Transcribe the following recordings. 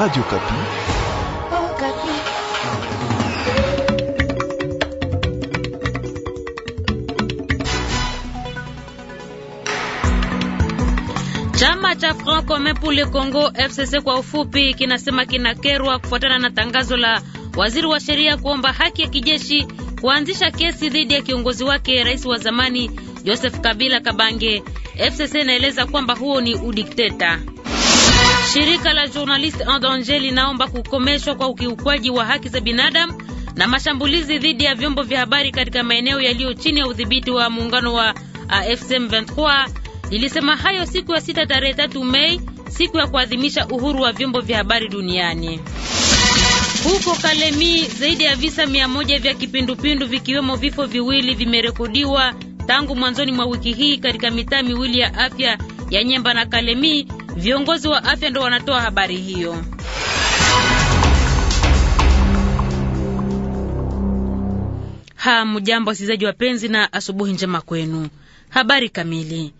Radio Kapi. Oh, Kapi. Chama cha Front Commun pour le Congo FCC kwa ufupi kinasema kinakerwa kufuatana na tangazo la waziri wa sheria kuomba haki ya kijeshi kuanzisha kesi dhidi ya kiongozi wake rais wa zamani Joseph Kabila Kabange. FCC inaeleza kwamba huo ni udikteta. Shirika la Journaliste en Danger linaomba kukomeshwa kwa ukiukwaji wa haki za binadamu na mashambulizi dhidi ya vyombo vya habari katika maeneo yaliyo chini ya udhibiti wa muungano wa AFC M23. Lilisema hayo siku ya sita tarehe tatu Mei, siku ya kuadhimisha uhuru wa vyombo vya habari duniani. Huko Kalemi, zaidi ya visa mia moja vya kipindupindu vikiwemo vifo viwili vimerekodiwa tangu mwanzoni mwa wiki hii katika mitaa miwili ya afya ya Nyemba na Kalemi Viongozi wa afya ndio wanatoa habari hiyo. Hamjambo wasikilizaji wapenzi, na asubuhi njema kwenu. Habari kamili.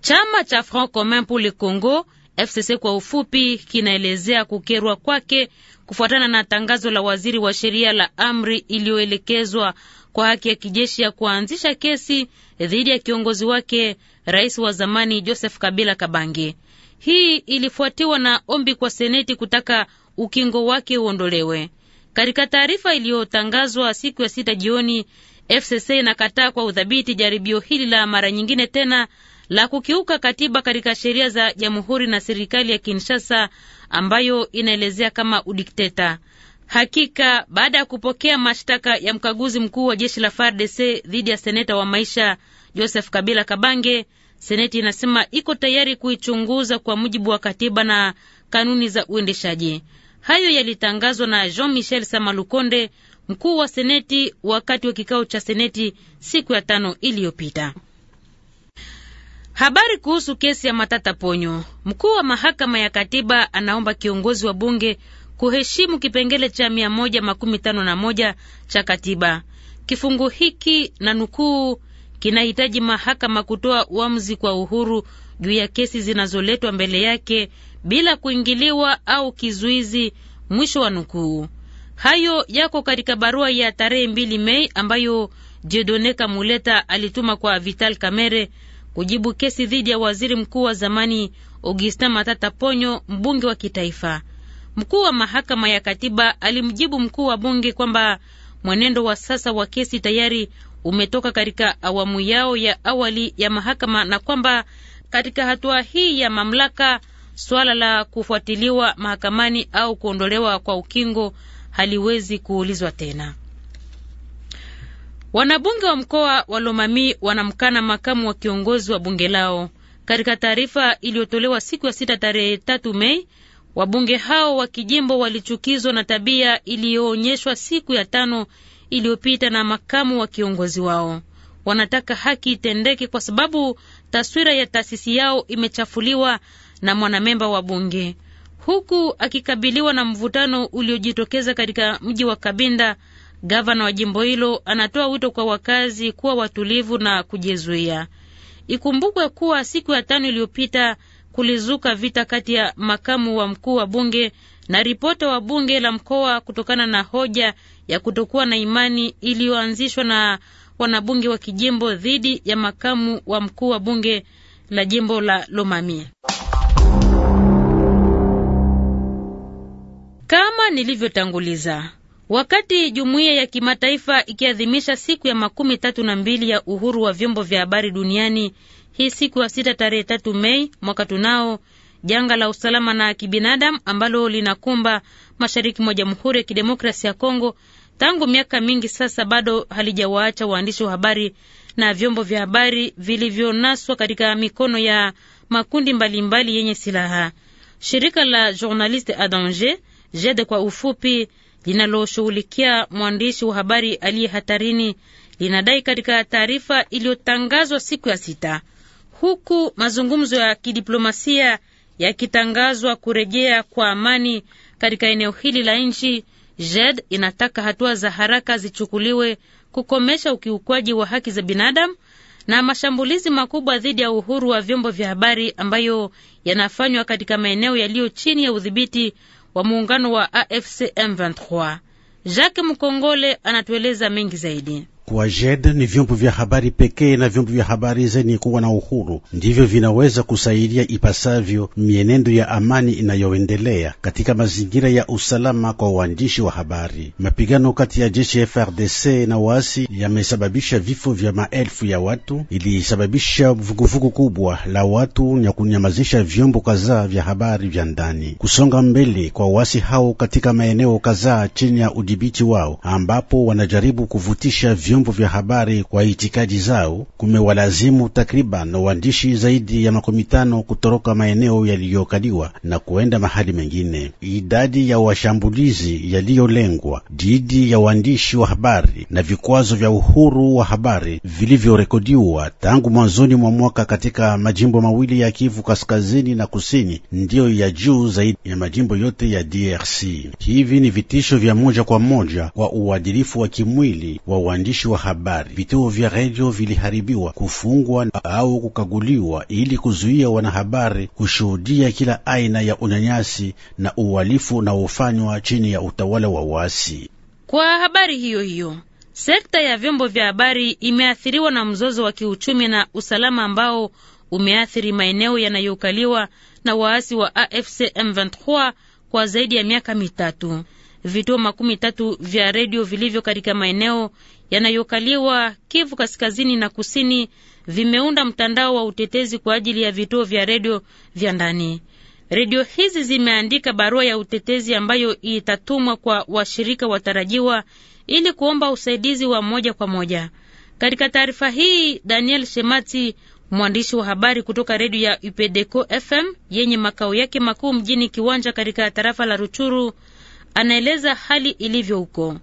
Chama cha Front Commun pour le Congo FCC kwa ufupi kinaelezea kukerwa kwake kufuatana na tangazo la waziri wa sheria la amri iliyoelekezwa kwa haki ya kijeshi ya kuanzisha kesi dhidi ya kiongozi wake rais wa zamani Joseph Kabila Kabange. Hii ilifuatiwa na ombi kwa seneti kutaka ukingo wake uondolewe. Katika taarifa iliyotangazwa siku ya sita jioni, FCC inakataa kwa udhabiti jaribio hili la mara nyingine tena la kukiuka katiba katika sheria za jamhuri na serikali ya Kinshasa ambayo inaelezea kama udikteta. Hakika baada ya kupokea mashtaka ya mkaguzi mkuu wa jeshi la FARDC dhidi ya seneta wa maisha Joseph Kabila Kabange, Seneti inasema iko tayari kuichunguza kwa mujibu wa katiba na kanuni za uendeshaji. Hayo yalitangazwa na Jean Michel Samalukonde, mkuu wa Seneti, wakati wa kikao cha Seneti siku ya tano iliyopita. Habari kuhusu kesi ya Matata Ponyo. Mkuu wa mahakama ya katiba anaomba kiongozi wa bunge kuheshimu kipengele cha mia moja makumi tano na moja cha katiba. Kifungu hiki na nukuu kinahitaji mahakama kutoa uamuzi kwa uhuru juu ya kesi zinazoletwa mbele yake bila kuingiliwa au kizuizi. Mwisho wa nukuu. Hayo yako katika barua ya tarehe mbili Mei ambayo Jedone Kamuleta alituma kwa Vital Kamere kujibu kesi dhidi ya waziri mkuu wa zamani Augustin Matata Ponyo, mbunge wa kitaifa. Mkuu wa mahakama ya katiba alimjibu mkuu wa bunge kwamba mwenendo wa sasa wa kesi tayari umetoka katika awamu yao ya awali ya mahakama na kwamba katika hatua hii ya mamlaka swala la kufuatiliwa mahakamani au kuondolewa kwa ukingo haliwezi kuulizwa tena. Wanabunge wa mkoa wa Lomami wanamkana makamu wa kiongozi wa bunge lao. Katika taarifa iliyotolewa siku ya sita tarehe tatu Mei, wabunge hao wa kijimbo walichukizwa na tabia iliyoonyeshwa siku ya tano iliyopita na makamu wa kiongozi wao. Wanataka haki itendeke kwa sababu taswira ya taasisi yao imechafuliwa na mwanamemba wa bunge, huku akikabiliwa na mvutano uliojitokeza katika mji wa Kabinda. Gavana wa jimbo hilo anatoa wito kwa wakazi kuwa watulivu na kujizuia. Ikumbukwe kuwa siku ya tano iliyopita kulizuka vita kati ya makamu wa mkuu wa bunge na ripota wa bunge la mkoa kutokana na hoja ya kutokuwa na imani iliyoanzishwa na wanabunge wa kijimbo dhidi ya makamu wa mkuu wa bunge la jimbo la Lomami. Kama nilivyotanguliza, wakati jumuiya ya kimataifa ikiadhimisha siku ya makumi tatu na mbili ya uhuru wa vyombo vya habari duniani, hii siku ya sita tarehe tatu Mei mwaka tunao janga la usalama na kibinadamu ambalo linakumba mashariki mwa Jamhuri ya Kidemokrasia ya Kongo tangu miaka mingi sasa bado halijawaacha waandishi wa habari na vyombo vya habari vilivyonaswa katika mikono ya makundi mbalimbali mbali yenye silaha. Shirika la Journaliste a Danger kwa ufupi, linaloshughulikia mwandishi wa habari aliye hatarini, linadai katika taarifa iliyotangazwa siku ya sita, huku mazungumzo ya kidiplomasia yakitangazwa kurejea kwa amani katika eneo hili la nchi, JED inataka hatua za haraka zichukuliwe kukomesha ukiukwaji wa haki za binadamu na mashambulizi makubwa dhidi ya uhuru wa vyombo vya habari ambayo yanafanywa katika maeneo yaliyo chini ya udhibiti wa muungano wa AFC M23. Jacques Mkongole anatueleza mengi zaidi. Kwa JED ni vyombo vya habari pekee na vyombo vya habari zenye kuwa na uhuru ndivyo vinaweza kusaidia ipasavyo mienendo ya amani inayoendelea katika mazingira ya usalama kwa uandishi wa habari. Mapigano kati ya jeshi FRDC na waasi yamesababisha vifo vya maelfu ya watu, ilisababisha vuguvugu kubwa la watu na kunyamazisha vyombo kadhaa vya habari vya ndani. Kusonga mbele kwa waasi hao katika maeneo kadhaa chini ya udhibiti wao, ambapo wanajaribu kuvutisha vyombo vya habari kwa itikadi zao kumewalazimu takriban waandishi zaidi ya makumi tano kutoroka maeneo yaliyokaliwa na kuenda mahali mengine. Idadi ya washambulizi yaliyolengwa dhidi ya waandishi wa habari na vikwazo vya uhuru wa habari vilivyorekodiwa tangu mwanzoni mwa mwaka katika majimbo mawili ya Kivu kaskazini na kusini ndiyo ya juu zaidi ya majimbo yote ya DRC. Hivi ni vitisho vya moja kwa moja kwa uadilifu wa kimwili wa waandishi waandishi wa habari. Vituo vya redio viliharibiwa, kufungwa au kukaguliwa ili kuzuia wanahabari kushuhudia kila aina ya unyanyasi na uhalifu unaofanywa chini ya utawala wa waasi. Kwa habari hiyo hiyo, sekta ya vyombo vya habari imeathiriwa na mzozo wa kiuchumi na usalama ambao umeathiri maeneo yanayokaliwa na waasi wa AFC M23 kwa zaidi ya miaka mitatu. Vituo makumi tatu vya redio vilivyo katika maeneo yanayokaliwa Kivu kaskazini na kusini vimeunda mtandao wa utetezi kwa ajili ya vituo vya redio vya ndani. Redio hizi zimeandika barua ya utetezi ambayo itatumwa kwa washirika watarajiwa ili kuomba usaidizi wa moja kwa moja. Katika taarifa hii, Daniel Shemati, mwandishi wa habari kutoka redio ya Upedeco FM yenye makao yake makuu mjini Kiwanja katika tarafa la Ruchuru, anaeleza hali ilivyo huko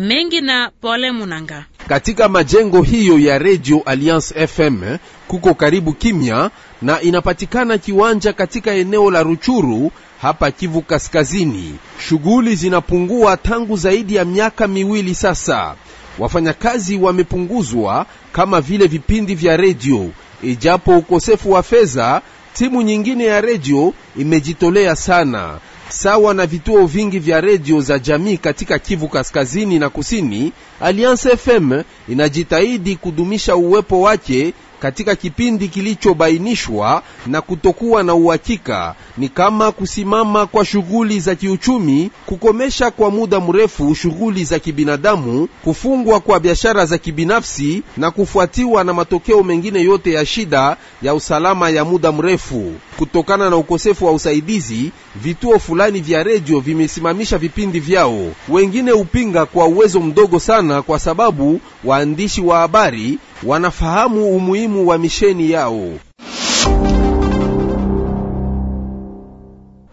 mengi na Pole Munanga. Katika majengo hiyo ya Radio Alliance FM kuko karibu kimya na inapatikana kiwanja katika eneo la Ruchuru hapa Kivu Kaskazini. Shughuli zinapungua tangu zaidi ya miaka miwili sasa. Wafanyakazi wamepunguzwa kama vile vipindi vya redio. Ijapo ukosefu wa fedha, timu nyingine ya redio imejitolea sana sawa na vituo vingi vya redio za jamii katika Kivu Kaskazini na Kusini. Alliance FM inajitahidi kudumisha uwepo wake katika kipindi kilichobainishwa na kutokuwa na uhakika, ni kama kusimama kwa shughuli za kiuchumi, kukomesha kwa muda mrefu shughuli za kibinadamu, kufungwa kwa biashara za kibinafsi na kufuatiwa na matokeo mengine yote ya shida ya usalama ya muda mrefu. Kutokana na ukosefu wa usaidizi, vituo fulani vya redio vimesimamisha vipindi vyao. Wengine upinga kwa uwezo mdogo sana, kwa sababu waandishi wa habari wanafahamu umuhimu wa misheni yao.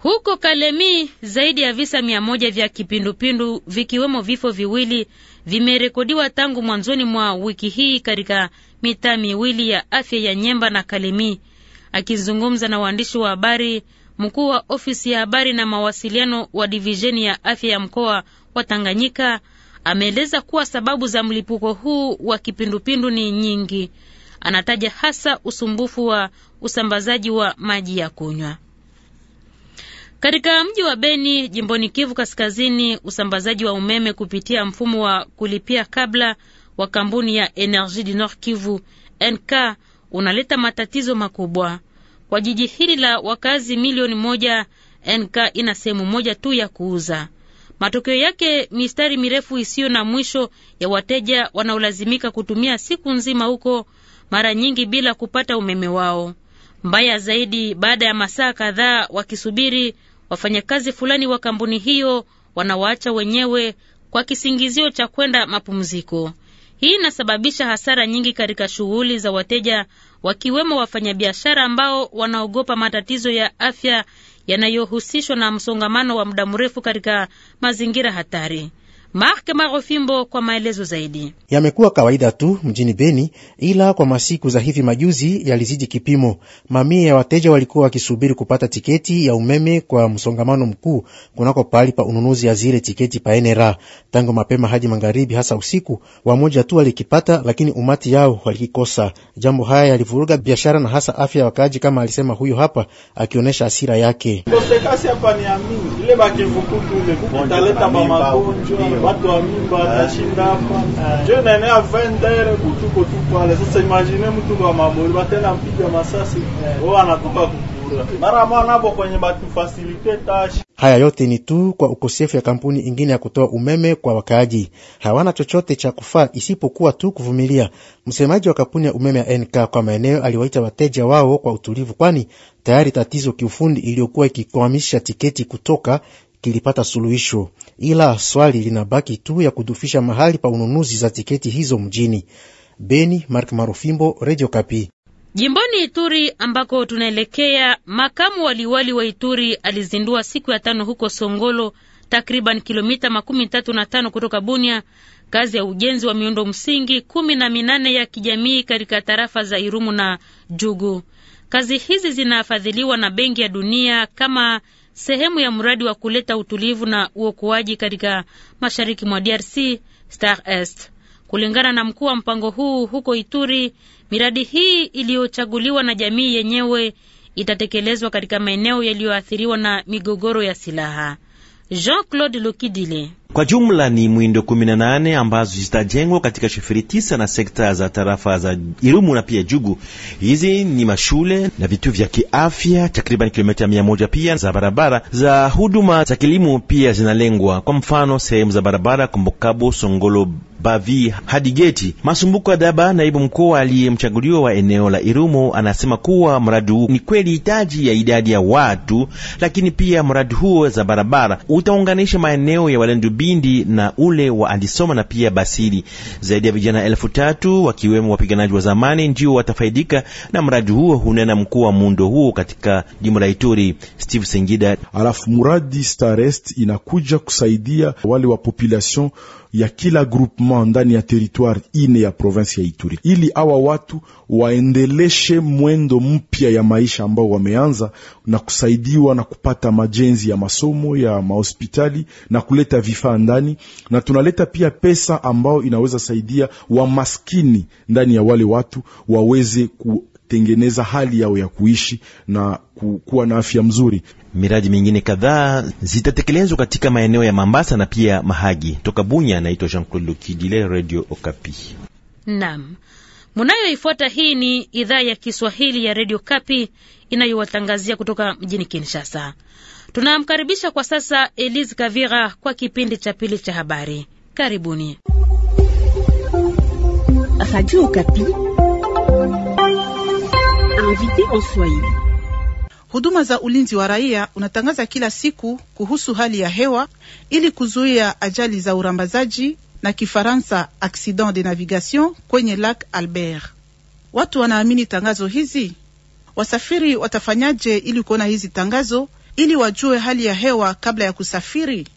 Huko Kalemi zaidi ya visa mia moja vya kipindupindu vikiwemo vifo viwili vimerekodiwa tangu mwanzoni mwa wiki hii katika mitaa miwili ya afya ya Nyemba na Kalemi. Akizungumza na waandishi wa habari, mkuu wa ofisi ya habari na mawasiliano wa divisheni ya afya ya mkoa wa Tanganyika Ameeleza kuwa sababu za mlipuko huu wa kipindupindu ni nyingi. Anataja hasa usumbufu wa usambazaji wa maji ya kunywa. Katika mji wa Beni jimboni Kivu Kaskazini, usambazaji wa umeme kupitia mfumo wa kulipia kabla wa kampuni ya Energie du Nord Kivu NK unaleta matatizo makubwa kwa jiji hili la wakazi milioni moja. NK ina sehemu moja tu ya kuuza. Matokeo yake mistari mirefu isiyo na mwisho ya wateja wanaolazimika kutumia siku nzima huko, mara nyingi bila kupata umeme wao. Mbaya zaidi, baada ya masaa kadhaa wakisubiri, wafanyakazi fulani wa kampuni hiyo wanawaacha wenyewe kwa kisingizio cha kwenda mapumziko. Hii inasababisha hasara nyingi katika shughuli za wateja, wakiwemo wafanyabiashara ambao wanaogopa matatizo ya afya yanayohusishwa na msongamano wa muda mrefu katika mazingira hatari. Mark Marofimbo kwa maelezo zaidi. Yamekuwa kawaida tu mjini Beni, ila kwa masiku za hivi majuzi yalizidi kipimo. Mamia ya wateja walikuwa wakisubiri kupata tiketi ya umeme kwa msongamano mkuu kunako pahali pa ununuzi ya zile tiketi pa NRA tangu mapema hadi magharibi, hasa usiku. Wamoja tu walikipata, lakini umati yao walikikosa. Jambo haya yalivuruga biashara na hasa afya ya wakaaji, kama alisema huyo hapa, akionyesha hasira yake watu wa mimba eh. hapa avendere eh. kutuko tu pale. Sasa imagine mtu wa batena mpiga masasi eh. wao anatoka kukura mara kwenye batu Haya yote ni tu kwa ukosefu ya kampuni ingine ya kutoa umeme kwa wakaaji. Hawana chochote cha kufaa isipokuwa tu kuvumilia. Msemaji wa kampuni ya umeme ya NK kwa maeneo aliwaita wateja wao kwa utulivu, kwani tayari tatizo kiufundi iliyokuwa ikikwamisha tiketi kutoka kilipata suluhisho, ila swali linabaki tu ya kudufisha mahali pa ununuzi za tiketi hizo mjini Beni. Mark Marufimbo, Radio Kapi. Jimboni Ituri ambako tunaelekea, makamu waliwali wa Ituri alizindua siku ya tano huko Songolo, takriban kilomita makumi tatu na tano kutoka Bunia, kazi ya ujenzi wa miundo msingi kumi na minane ya kijamii katika tarafa za Irumu na Jugu. Kazi hizi zinafadhiliwa na Benki ya Dunia kama sehemu ya mradi wa kuleta utulivu na uokoaji katika mashariki mwa DRC Star Est. Kulingana na mkuu wa mpango huu huko Ituri, miradi hii iliyochaguliwa na jamii yenyewe itatekelezwa katika maeneo yaliyoathiriwa na migogoro ya silaha. Jean-Claude Lokidile. Kwa jumla ni mwindo 18 ambazo zitajengwa katika shifiri tisa na sekta za tarafa za Irumu na pia Jugu. Hizi ni mashule na vituo vya kiafya, takriban kilomita mia moja pia za barabara za huduma za kilimo pia zinalengwa. Kwa mfano, sehemu za barabara Kombokabo, Songolo, Bavi hadi Geti. Masumbuko Adaba, naibu mkoa aliyemchaguliwa wa eneo la Irumu, anasema kuwa mradi huu ni kweli hitaji ya idadi ya watu, lakini pia mradi huo za barabara utaunganisha maeneo ya Walendu Bindi na ule wa Andisoma na pia Basili. Zaidi ya vijana elfu tatu wakiwemo wapiganaji wa zamani ndio watafaidika na mradi huo, hunena mkuu wa muundo huo katika jimbo la Ituri Steve Sengida. Alafu mradi Starest inakuja kusaidia wale wa population ya kila groupement ndani ya territoire ine ya province ya Ituri, ili awa watu waendeleshe mwendo mpya ya maisha ambao wameanza na kusaidiwa na kupata majenzi ya masomo ya mahospitali na kuleta vifaa ndani, na tunaleta pia pesa ambao inaweza saidia wamaskini ndani ya wale watu waweze ku kutengeneza hali yao ya kuishi na kuwa na afya mzuri. Miradi mingine kadhaa zitatekelezwa katika maeneo ya Mambasa na pia Mahagi. Toka Bunya, anaitwa Jean Claude Lokidile, Radio Okapi. Naam, munayoifuata hii ni idhaa ya Kiswahili ya Radio Kapi inayowatangazia kutoka mjini Kinshasa. Tunamkaribisha kwa sasa Elise Kavira kwa kipindi cha pili cha habari. Karibuni Radio Okapi invité en Swahili. Huduma za ulinzi wa raia unatangaza kila siku kuhusu hali ya hewa ili kuzuia ajali za urambazaji na Kifaransa accident de navigation kwenye Lac Albert. Watu wanaamini tangazo hizi? Wasafiri watafanyaje ili kuona hizi tangazo ili wajue hali ya hewa kabla ya kusafiri?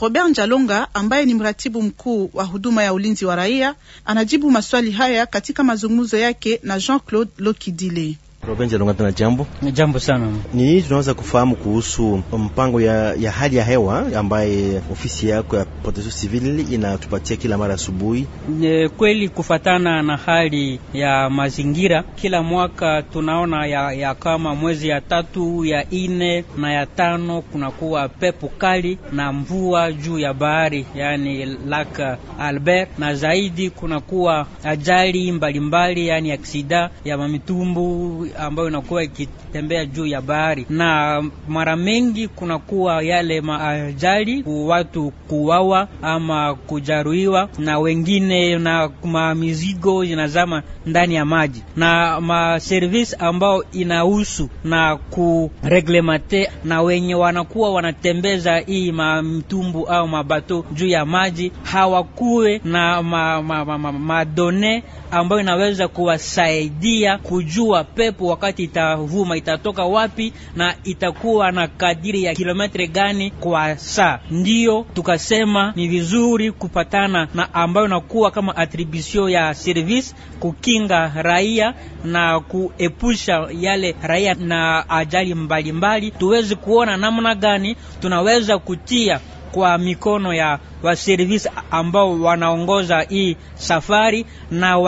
Robert Njalonga ambaye ni mratibu mkuu wa huduma ya ulinzi wa raia anajibu maswali haya katika mazungumzo yake na Jean-Claude Lokidile. Robena, jambo jambo sana. Ni tunaweza kufahamu kuhusu mpango ya, ya hali ya hewa ambaye ofisi yako ya protection civil inatupatia kila mara asubuhi? E, kweli kufatana na hali ya mazingira kila mwaka tunaona ya, ya kama mwezi ya tatu ya ine na ya tano kunakuwa pepo kali na mvua juu ya bahari, yani Lac Albert, na zaidi kunakuwa ajali mbalimbali, yani aksida ya mamitumbu ambayo inakuwa ikitembea juu ya bahari, na mara mengi kunakuwa yale maajali, watu kuwawa ama kujaruiwa na wengine na mizigo inazama ndani ya maji, na maservisi ambao inahusu na kureglemate na wenye wanakuwa wanatembeza hii mamtumbu au mabato juu ya maji hawakuwe na madone ma, ma, ma, ma ambayo inaweza kuwasaidia kujua pepo upepo wakati itavuma itatoka wapi na itakuwa na kadiri ya kilometre gani kwa saa. Ndiyo tukasema ni vizuri kupatana na ambayo nakuwa kama atribution ya service kukinga raia na kuepusha yale raia na ajali mbalimbali mbali. Tuwezi kuona namna gani tunaweza kutia kwa mikono ya waservisi ambao wanaongoza hii safari na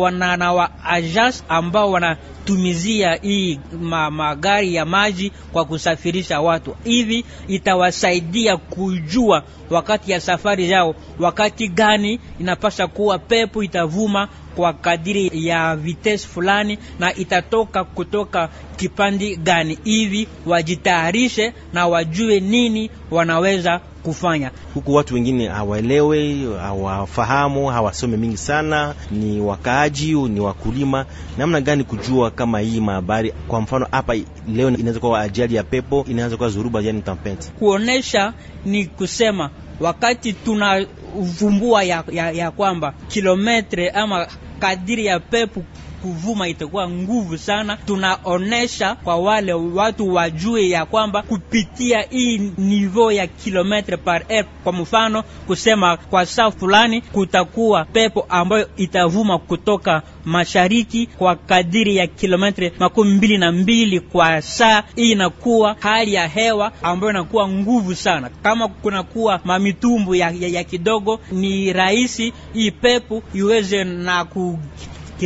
wana, na ajas ambao wanatumizia hii ma, magari ya maji kwa kusafirisha watu. Hivi itawasaidia kujua wakati ya safari yao, wakati gani inapasha kuwa pepo itavuma kwa kadiri ya vitesi fulani na itatoka kutoka kipandi gani, hivi wajitayarishe na wajue nini wanaweza kufanya huku. Watu wengine hawaelewe, hawafahamu, hawasome mingi sana, ni wakaaji, ni wakulima. Namna gani kujua kama hii mahabari, kwa mfano hapa leo inaweza kuwa ajali ya pepo, inaweza kuwa zuruba, yani tampenti Kuonesha ni kusema wakati uvumbua ya, ya, ya kwamba kilometre ama kadiri ya pepo kuvuma itakuwa nguvu sana. Tunaonesha kwa wale watu wajue ya kwamba kupitia hii nivo ya kilometre par heure, kwa mfano kusema kwa saa fulani kutakuwa pepo ambayo itavuma kutoka mashariki kwa kadiri ya kilometre makumi mbili na mbili kwa saa. Hii inakuwa hali ya hewa ambayo inakuwa nguvu sana. Kama kunakuwa mamitumbu ya, ya, ya kidogo, ni rahisi hii pepo iweze na ku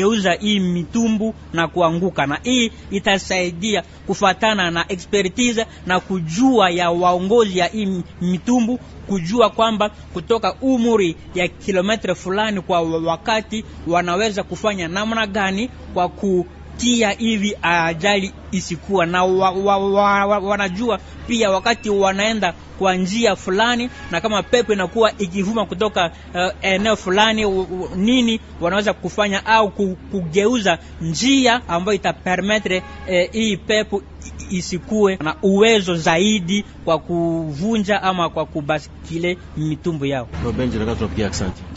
watageuza hii mitumbu na kuanguka, na hii itasaidia kufatana na expertise na kujua ya waongozi ya hii mitumbu kujua kwamba kutoka umri ya kilometre fulani kwa wakati wanaweza kufanya namna gani kwa ku tia hivi ajali isikuwa na wa, wa, wa, wa, wanajua pia wakati wanaenda kwa njia fulani, na kama pepo inakuwa ikivuma kutoka uh, eneo fulani u, u, nini wanaweza kufanya au kugeuza njia ambayo itapermetre eh, hii pepo isikuwe na uwezo zaidi kwa kuvunja ama kwa kubaskile mitumbu yao.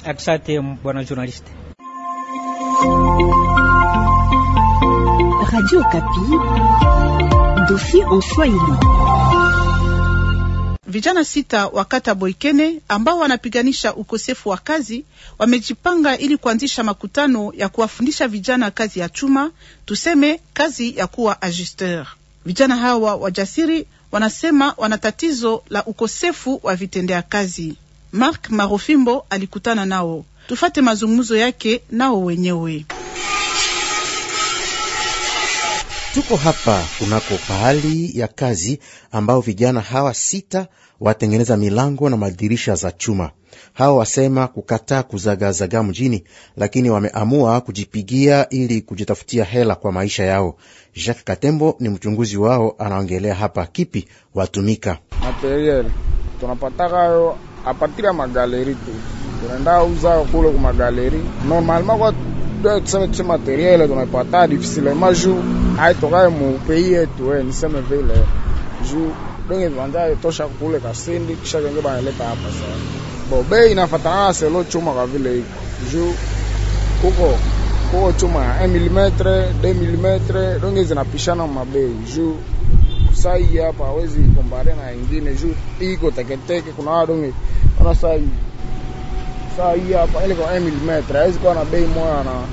Asante bwana journaliste. Radio Kapi, dossier en Swahili. Vijana sita wa kata Boikene ambao wanapiganisha ukosefu wa kazi wamejipanga ili kuanzisha makutano ya kuwafundisha vijana kazi ya chuma, tuseme kazi ya kuwa ajusteur. Vijana hawa wajasiri wanasema wana tatizo la ukosefu wa vitendea kazi. Mark Marofimbo alikutana nao, tufate mazungumzo yake nao wenyewe. Tuko hapa kunako pahali ya kazi ambao vijana hawa sita watengeneza milango na madirisha za chuma. Hawa wasema kukataa kuzagazaga mjini, lakini wameamua kujipigia ili kujitafutia hela kwa maisha yao. Jacques Katembo ni mchunguzi wao, anaongelea hapa kipi watumika materiel apatira magaleri tu tunaenda uza kule kumagaleri normalma kwa tuseme tu materiel tunaipata difficilement ju aitokae mu pays yetu eh, niseme vile ju donge viwanja tosha kule Kasindi, kisha kenge banaleta hapa sasa. Bo bei inafatana selo chuma kwa vile iko ju kuko kuko chuma 1 mm 2 mm, donge zinapishana mabei ju sai hapa hawezi kompare na ingine ju iko teketeke, kuna wadonge wanasai saa hii hapa ile kwa 1 haiwezi kuwa na bei moja na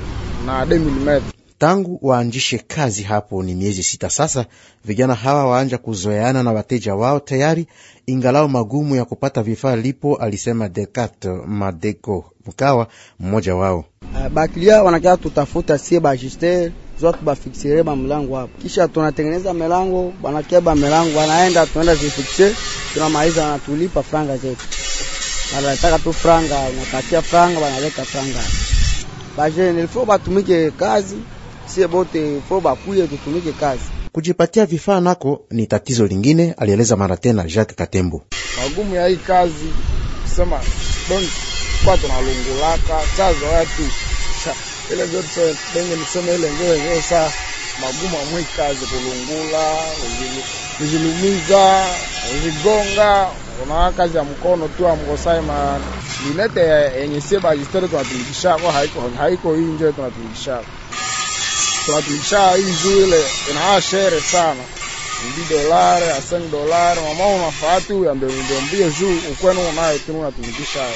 na 2 mm. Tangu waanjishe kazi hapo ni miezi sita sasa, vijana hawa waanja kuzoeana na wateja wao tayari, ingalao magumu ya kupata vifaa lipo, alisema Dekat Madeko Mkawa, mmoja wao. Uh, ah, bakilia wanakaa tutafuta sie bajister zote bafiksire ba mlango hapo, kisha tunatengeneza melango, banakia ba melango, wanaenda tunaenda zifikse, tunamaliza, wanatulipa franga zetu wanataka tu franga, unapatia franga, banaleta franga. Bajene ilifo batumike kazi, sie bote ilifo bakuye tutumike kazi. Kujipatia vifaa nako ni tatizo lingine, alieleza mara tena Jacques Katembo. Magumu ya hii kazi kusema don kwa tunalungulaka chazo watu ile vyote benye niseme ile ngeo ngeo saa magumu mwe kazi kulungula, ujilumiza, ujigonga kuna kazi ya mkono tu amgosaima linete yenye sie bajisteri tunatumikishako haiko haiko hii njo tunatumikishako tunatumikisha hii zuile inaa shere sana mbi dolare aseng dolare mama unafati uyambembie juu ukwenu unayo tunu unatumikishayo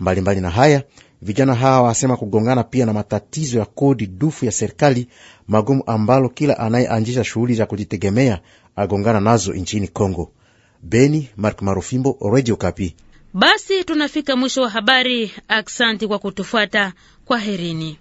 mbalimbali na haya vijana hawa wasema kugongana pia na matatizo ya kodi dufu ya serikali magumu ambalo kila anayeanzisha shughuli za kujitegemea agongana nazo nchini Kongo. Beni, Mark Marufimbo, Radio Kapi. Basi tunafika mwisho wa habari. Aksanti kwa kutufuata, kwa herini